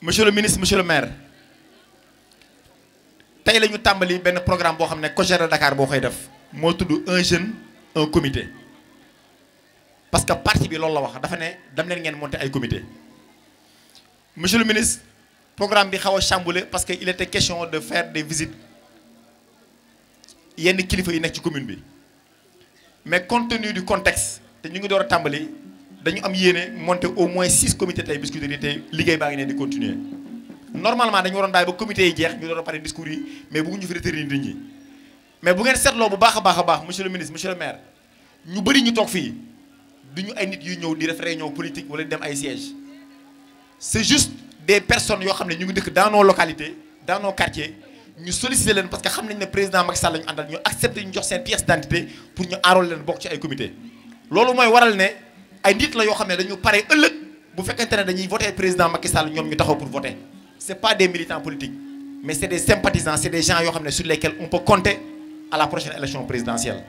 monsieur le ministre monsieur le maire tey la tàmbali benn programme boo xam ne COJER Dakar boo koy def moo tudd un jeune un comité parce que parti bi loolu la wax dafa ne dam leen ngeen monter ay comité monsieur le ministre programme bi xaw a parce que il était question de fair des visites yenn kilifa yi nekk ci commune bi mais compte tenu du contexte te ñu ngi door a tàmbali dañu am yéene monte au moins six comités tey biscuiterie tey liggéey baa ngi neen di continuer normalement dañu waroon daay ba comité yi jeex ñu door a pare discours yi mais bëgguñu fi retenir nit ñi mais bu ngeen seetloo bu baax a baax a baax monsieur le ministre monsieur le maire ñu bëri ñu toog fii du ñu ay nit yuy ñëw di def ñëw politique wala di dem ay siège c'est juste des personnes yoo xam ne ñu ngi dëkk dans nos localités dans ñu sollicité leen parce que xam nañ ne président Macky Sall la ñu àndal ñu accepté ñu jox seen pièce d'identité pour ñu aarool leen bokk ci ay comité loolu mooy waral ne ay nit la yoo xam ne dañu pare ëllëg bu fekkente ne dañuy voté président Macky Sall ñoom ñu taxaw pour voter c' est pas des militants politiques mais c' est des sympathisants c' est yoo xam ne su lesquels on peut compter à la prochaine élection présidentielle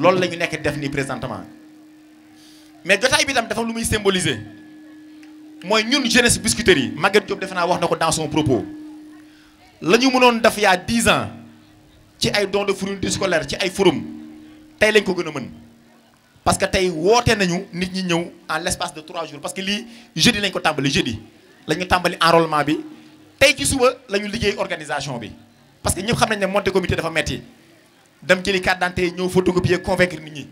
loolu la ñu nekk def nii présentement mais jotaay bi tam dafa lu muy symboliser mooy ñun jeunesse biscuiterie yi Maguette Diop defe naa wax na ko dans son la ñu mënoon def yaa dix ans ci ay dons de fournitures scolaires ci ay forum tey lañ ko gën a mën parce que tey woote nañu nit ñi ñëw en l'espace de trois jours parce que lii jeudi lañ ko tàmbali jeudi la ñu tàmbali enrôlement bi tey ci suba la ñu liggéey organisation bi parce que ñëpp xam nañ ne monter comité dafa metti dem jëli carte d'identité ñëw photocopier convaincre nit ñi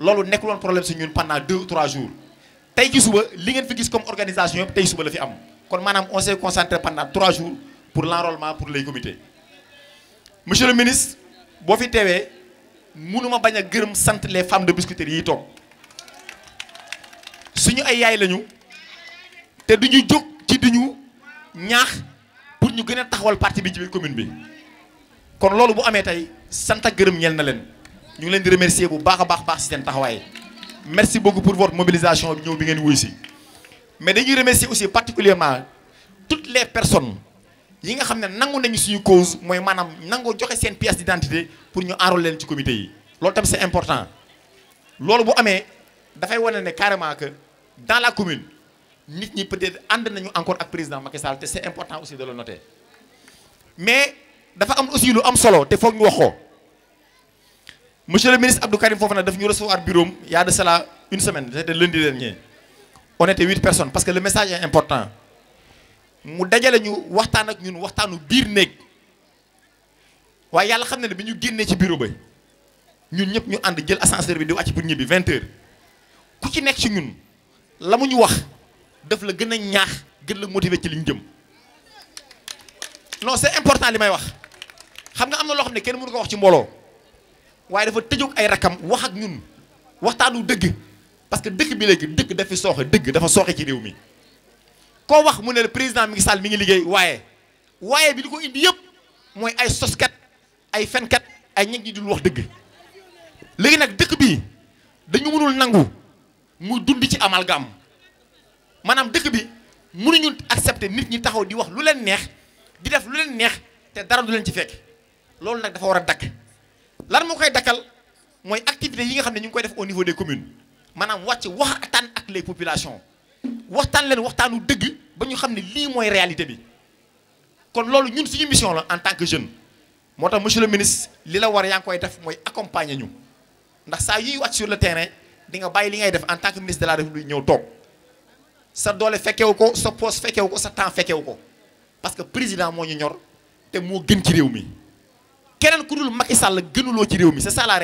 loolu nekkul woon problème si ñun pendant deux ou trois jours tey ci suba li ngeen fi gis comme organisation suba la fi kon maanaam on s'est concentré pendant trois jours pour l'enrôlement pour les comités monsieur le ministre boo fi teewee mënuma bañ a gërëm sant les femme de biscuiterie yi toog suñu ay yaay lañu te du duñu jóg ci duñu ñaax pour ñu gën a taxawal parti bi ci biir commune bi kon loolu bu amee tey sant ak gërëm ñeel na leen ñu ngi leen di remercier bu baax a baax baax si seen taxawaay merci beaucoup pour votre mobilisation ñëw bi ngeen wuy si mais dañuy remercier aussi particulièrement toutes les personnes yi nga xam ne nangu nañu suñu cause mooy maanaam nangoo joxe seen pièce d'identité pour ñu enrôler leen ci comité yi loolu tamit c'est important loolu bu amee dafay wane ne carrément que dans la commune nit ñi peut-être ànd nañu encore ak président Macky Sall te c'est important aussi de le noter mais dafa am aussi lu am solo te foog ñu wax ko monsieur le ministre Abdou Karim Fofana daf ñu recevoir bureau il y a de cela une semaine c'était lundi dernier on que le message mu dajale ñu waxtaan ak ñun waxtaanu biir néeg waaye yàlla xam na ne bi ñu génnee ci bureau ba ñun ñëpp ñu ànd jël ascenseur bi di wàcc pour ñibbi vingt heures ku ci nekk ci ñun la mu ñu wax daf la gën a ñaax gën la motiver ci li ñu jëm non c'est important li may wax xam nga am na loo xam ne kenn mënu ko wax ci mbooloo waaye dafa tëjoog ay rakam wax ak ñun waxtaanu dëgg parce que dëkk bi léegi dëgg dafi sooxe dëgg dafa sooxe ci réew mi koo wax mu ne le président mi ngi Sall mi ngi liggéey waaye waaye bi li ko indi yëpp mooy ay soskat ay fenkat ay ñeg ñi dul wax dëgg léegi nag dëkk bi dañu mënul nangu mu dund ci amalgam maanaam dëkk bi mënuñu accepter nit ñi taxaw di wax lu leen neex di def lu leen neex te dara du leen ci fekk loolu nag dafa war a dakk lan moo koy dakkal mooy activité yi nga xam ne ñu ngi koy def au niveau des communes maanaam wàcc waxtaan ak les populations waxtaan leen waxtaanu dëgg ba ñu xam ne lii mooy réalité bi kon loolu ñun suñu mission la en tant que jeune moo tax monsieur le ministre li la war yaa ngi koy def mooy accompagner ñu ndax saa yuy wàcc sur le terrain di nga bàyyi li ngay def en tant que ministre de la république ñëw toog sa doole fekkewu ko sa poste fekkewu ko sa temps fekkewu ko parce que président moo ñu ñor te moo gën ci réew mi keneen ku dul Macky Sall gënuloo ci réew mi sa ça la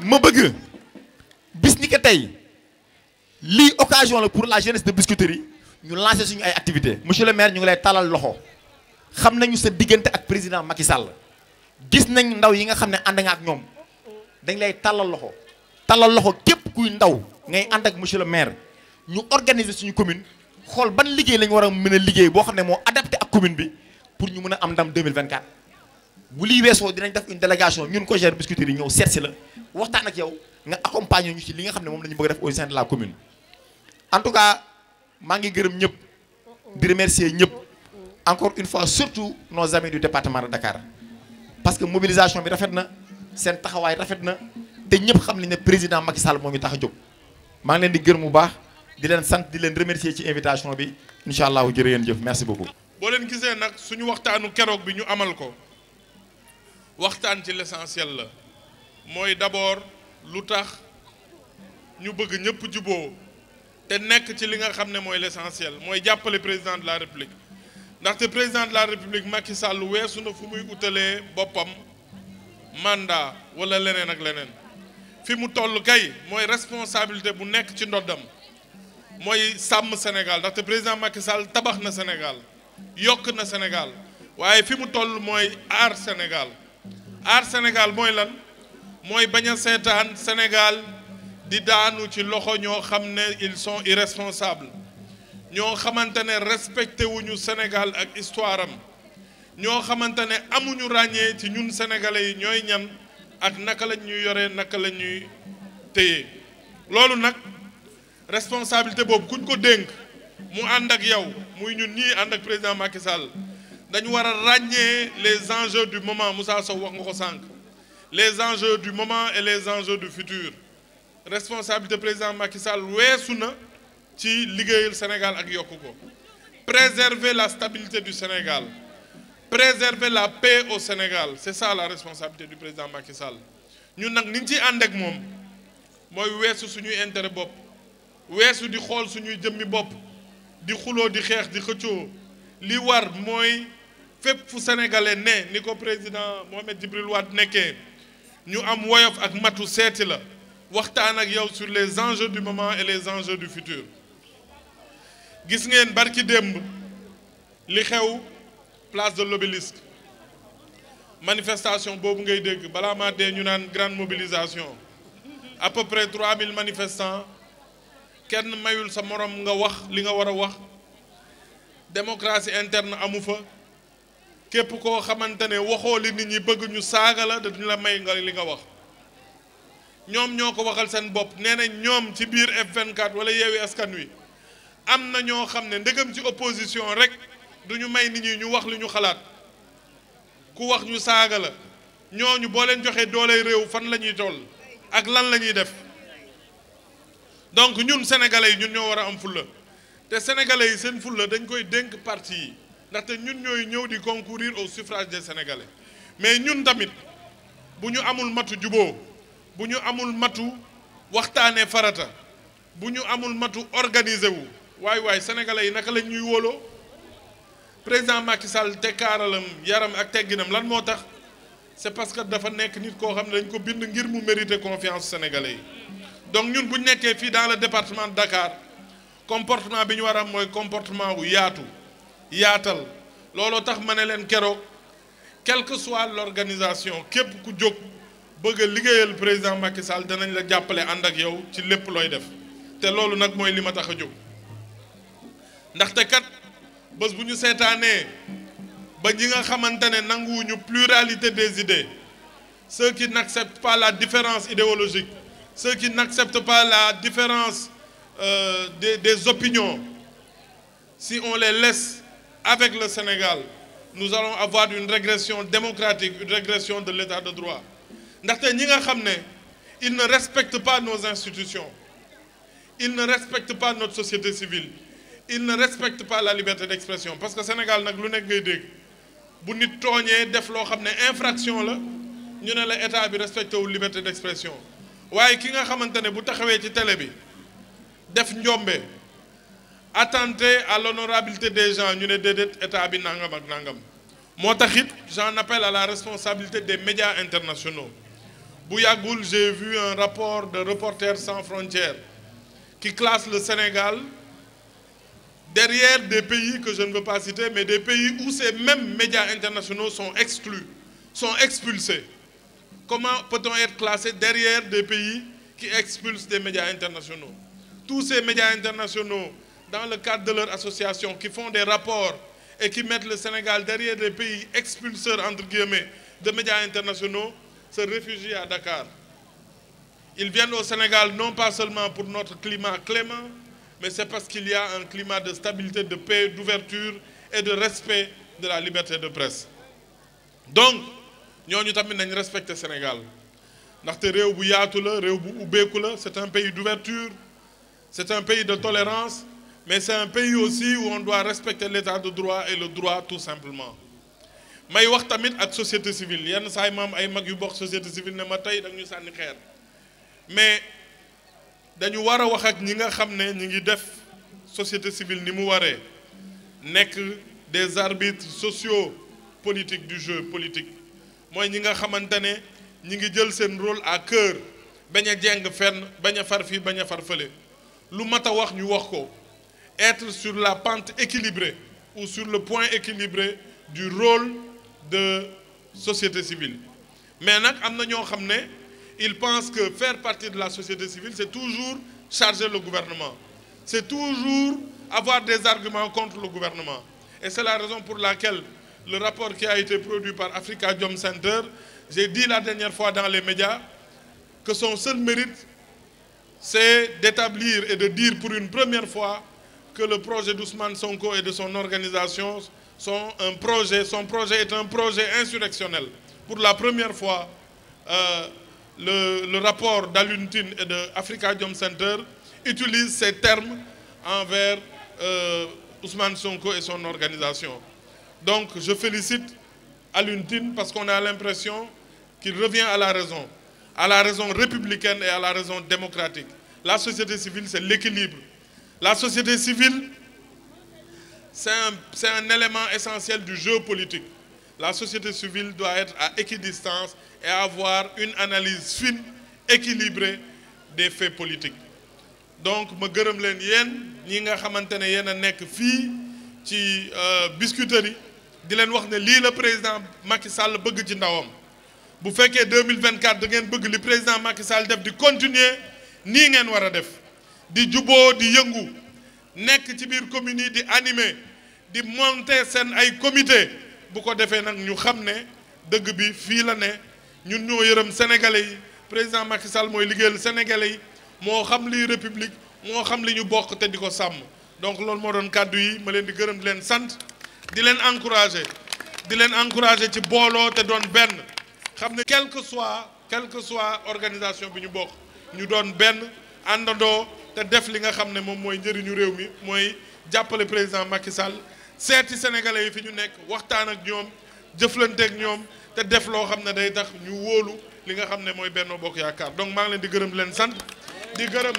ma bëgg que tey lii occasion la pour la jeunesse de Biscuiterie ñu lancer suñu ay activités monsieur le maire ñu ngi lay talal loxo xam nañu sa diggante ak président Macky Sall gis nañ ndaw yi nga xam ne ànd nga ak ñoom dañ lay talal loxo talal loxo képp kuy ndaw ngay ànd ak monsieur le maire ñu organiser suñu commune xool ban liggéey la ñu a mën a liggéey boo xam ne moo adapté ak commune bi pour ñu mën a am ndam 2024. bu lii weesoo dinañ def une délégation ñun ko gère Biscuiterie yi ñëw seet si la waxtaan ak yow nga accompagner ñu ci li nga xam ne moom la ñu bëgg def au sein de la commune en tout cas maa ngi gërëm ñëpp di remercier ñëpp encore une fois surtout nos amis du département de Dakar parce que mobilisation bi rafet na seen taxawaay rafet na te ñëpp xam nañ ne président Macky Sall moo ñu tax a jóg maa ngi leen di gërëm bu baax di leen sant di leen remercier ci invitation bi incha allahu jërë ngeen jëf merci beaucoup. boo gisee nag suñu waxtaanu keroog bi ñu amal ko. waxtaan ci l'essentiel la mooy d'abord lu tax ñu bëgg ñëpp juboo te nekk ci li nga xam ne mooy l'essentiel mooy jàppale président de la république ndaxte président de la république Macky Sall weesu na fu muy utalee boppam mandat wala leneen ak leneen fi mu toll kay mooy responsabilité bu nekk ci ndoddam mooy sàmm Sénégal ndaxte président Macky Sall tabax na Sénégal yokk na Sénégal waaye fi mu toll mooy aar Sénégal aar Sénégal mooy lan mooy bañ a seetaan Sénégal di daanu ci loxo ñoo xam ne ils sont irresponsables ñoo xamante ne respecté wuñu Sénégal ak histoire ñoo xamante ne amuñu ràññee ci ñun sénégalais yi ñooy ñan ak naka lañ ñuy yoree naka la ñuy téye loolu nag responsabilité boobu kuñ ko dénk mu ànd ak yow muy ñun ñii ànd ak président Macky dañu war a ràññee les enjeux du moment Moussa Sow wax nga ko sànq les enjeux du moment et les enjeux du futur responsabilité président Macky Sall weesu na ci liggéeyal Sénégal ak yokk ko préserver la stabilité du Sénégal préserver la paix au Sénégal c'est ça la responsabilité du président Macky Sall ñun nag ni ci àndeek moom mooy weesu suñuy intérêt bopp weesu di xool suñuy jëmmi bopp di xuloo di xeex di xëccoo li war mooy fépp fu sénégalais ne ni ko président Mohamed Djibril Wade nekkee ñu am woyof ak matu seeti la waxtaan ak yow sur les enjeux du moment et les enjeux du futur gis ngeen barki démb li xew place de l'obélisque manifestation boobu ngay dégg balaa maa dee ñu naan grande mobilisation à peu près 3000 manifestant kenn mayul sa moroom nga wax li nga war a wax démocratie interne amu fa képp koo xamante ne waxoo li nit ñi bëgg ñu saaga la dañu la may nga li nga wax ñoom ñoo ko waxal seen bopp nee nañ ñoom ci biir F24 wala yeewi askan wi am na ñoo xam ne ndegam ci opposition rek du ñu may nit ñi ñu wax li ñu xalaat ku wax ñu saaga la ñooñu boo leen joxee dooley réew fan la ñuy toll ak lan la ñuy def donc ñun sénégalais yi ñun ñoo war a am fulla te sénégalais yi seen fulla dañ koy dénk parti yi. ndaxte ñun ñooy ñëw di concourir au suffrage des sénégalais mais ñun tamit bu ñu amul matu juboo bu ñu amul matu waxtaanee farata bu ñu amul matu organiser wu waay waay sénégalais yi naka lañ ñuy wóoloo président Macky Sall tekkaaralam yaram ak tegginam lan moo tax c'est parce que dafa nekk nit koo xam ne dañ ko bind ngir mu mériter confiance sénégalais yi donc ñun bu ñu nekkee fii dans le département de Dakar comportement bi ñu war a mooy comportement wu yaatu. yaatal looloo tax ma ne leen keroog quelle que soit l'organisation képp ku jóg bëgg a liggéeyal président Macky Sall danañ la jàppale ànd ak yow ci lépp looy def te loolu nag mooy li ma tax a jóg ndaxte kat bés bu ñu seetaanee ba ñi nga xamante ne nanguwuñu pluralité des idées ceux qui n'acceptent pas la différence idéologique ceux qui n'acceptent pas la différence euh, des des opinions si on les laisse avec le Sénégal nous allons avoir une régression démocratique une régression de l'état de droit ndaxte ñi nga xam ne ils ne respecte pas nos institutions ils ne respecte pas notre société civile ils ne respecte pas la liberté d'expression parce que Sénégal nag lu nekk ngay dégg bu nit tooñee def loo xam ne infraction la ñu ne la état bi respecté wu liberté d'expression waaye ki nga xamante ne bu taxawee ci télé bi def njombe attenter à l'honorabilité des gens ñu ne déedéet état bi nangam ak nangam moo tax it j'en appelle à la responsabilité des médias internationaux bu yàggul j'ai vu un rapport de Reporters sans frontières qui classe le Sénégal derrière des pays que je ne veux pas citer mais des pays où ces mêmes médias internationaux sont exclus sont expulsés comment peut-on être classé derrière des pays qui expulsent des médias internationaux tous ces médias internationaux dans le cadre de leur association, qui font des rapports et qui mettent le Sénégal derrière les pays expulseurs, entre guillemets, de médias internationaux, se réfugient à Dakar. Ils viennent au Sénégal non pas seulement pour notre climat clément, mais c'est parce qu'il y a un climat de stabilité, de paix, d'ouverture et de respect de la liberté de presse. donc ñooñu tamit nañ respecte Sénégal ndaxte réew bu yaatu réew bu ubbeeku la c'est un pays d'ouverture c'est un pays de tolérance mais c'est un pays aussi où on doit respecter l'état de droit et le droit tout simplement may wax tamit ak société civile yenn saa yi ay mag yu bokk société civile ne ma tey dañu ñu sànni xeer mais dañu war a wax ak ñi nga xam ne ñi ngi def société civile ni mu waree nekk des arbitres sociaux politiques du jeu politique mooy ñi nga xamante ne ñi ngi jël seen rôle à cœur bañ a jeng fenn bañ a far fii bañ a far fële lu mat a wax ñu wax ko être sur la pente équilibrée ou sur le point équilibré du rôle de société civile mais nag am na ñoo xam ne ils pensent que faire partie de la société civile c'est toujours charger le gouvernement c'est toujours avoir des arguments contre le gouvernement et c'est la raison pour laquelle le rapport qui a été produit par Africa Jom Center j'ai dit la dernière fois dans les médias que son seul mérite c'est d'établir et de dire pour une première fois que le projet d'Ousmane Sonko et de son organisation sont un projet, son projet est un projet insurrectionnel. Pour la première fois, euh, le, le, rapport d'Aluntine et de Africa Jom Center utilise ces termes envers euh, Ousmane Sonko et son organisation. Donc je félicite Aluntine parce qu'on a l'impression qu'il revient à la raison, à la raison républicaine et à la raison démocratique. La société civile, c'est l'équilibre La société civile, c'est un, un, élément essentiel du jeu politique. La société civile doit être à équidistance et avoir une analyse fine, équilibrée des faits politiques. Donc, ma gërëm leen nga a nekk fii ci euh, biscuiterie di leen wax ne lii la président Macky Sall bëgg ci ndawam bu fekkee 2024 da ngeen bëgg li président Macky Sall def di continuer nii ngeen war a def di juboo di yëngu nekk ci biir communes yi di animer di monter seen ay comité bu ko defee nag ñu xam ne dëgg bi fii la ne ñun ñoo yërëm sénégalais yi président Macky Sall mooy liggéeyal sénégalais yi moo xam li république moo xam li ñu bokk te di ko sàmm donc loolu moo doon kàddu yi ma leen di gërëm leen sant di leen encouragé di leen encouragé ci booloo te doon benn xam ne quelque que soit quelque que soit organisation bi ñu bokk ñu doon benn àndandoo. te def li nga xam ne moom mooy njëriñu réew mi mooy jàppale président Macky Sall seeti sénégalais yi fi ñu nekk waxtaan ak ñoom jëflante ak ñoom te def loo xam ne day tax ñu wóolu li nga xam ne mooy Benno Bokk Yaakaar donc maa ngi leen di gërëm leen sant di gërëm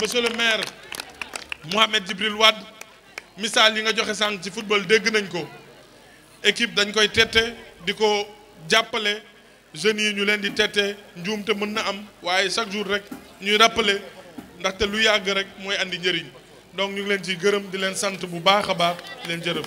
monsieur maire Mouhamed Djibril Wade misaal yi nga joxe sànq ci football dégg nañ ko équipe dañ koy tette di ko jàppale jeunes yi ñu leen di tette njuum te mën na am waaye chaque jour rek ñuy rappeler. ndaxte lu yàgg rek mooy andi njëriñ donc ñu leen ciy gërëm di leen sant bu baax a baax leen jërëm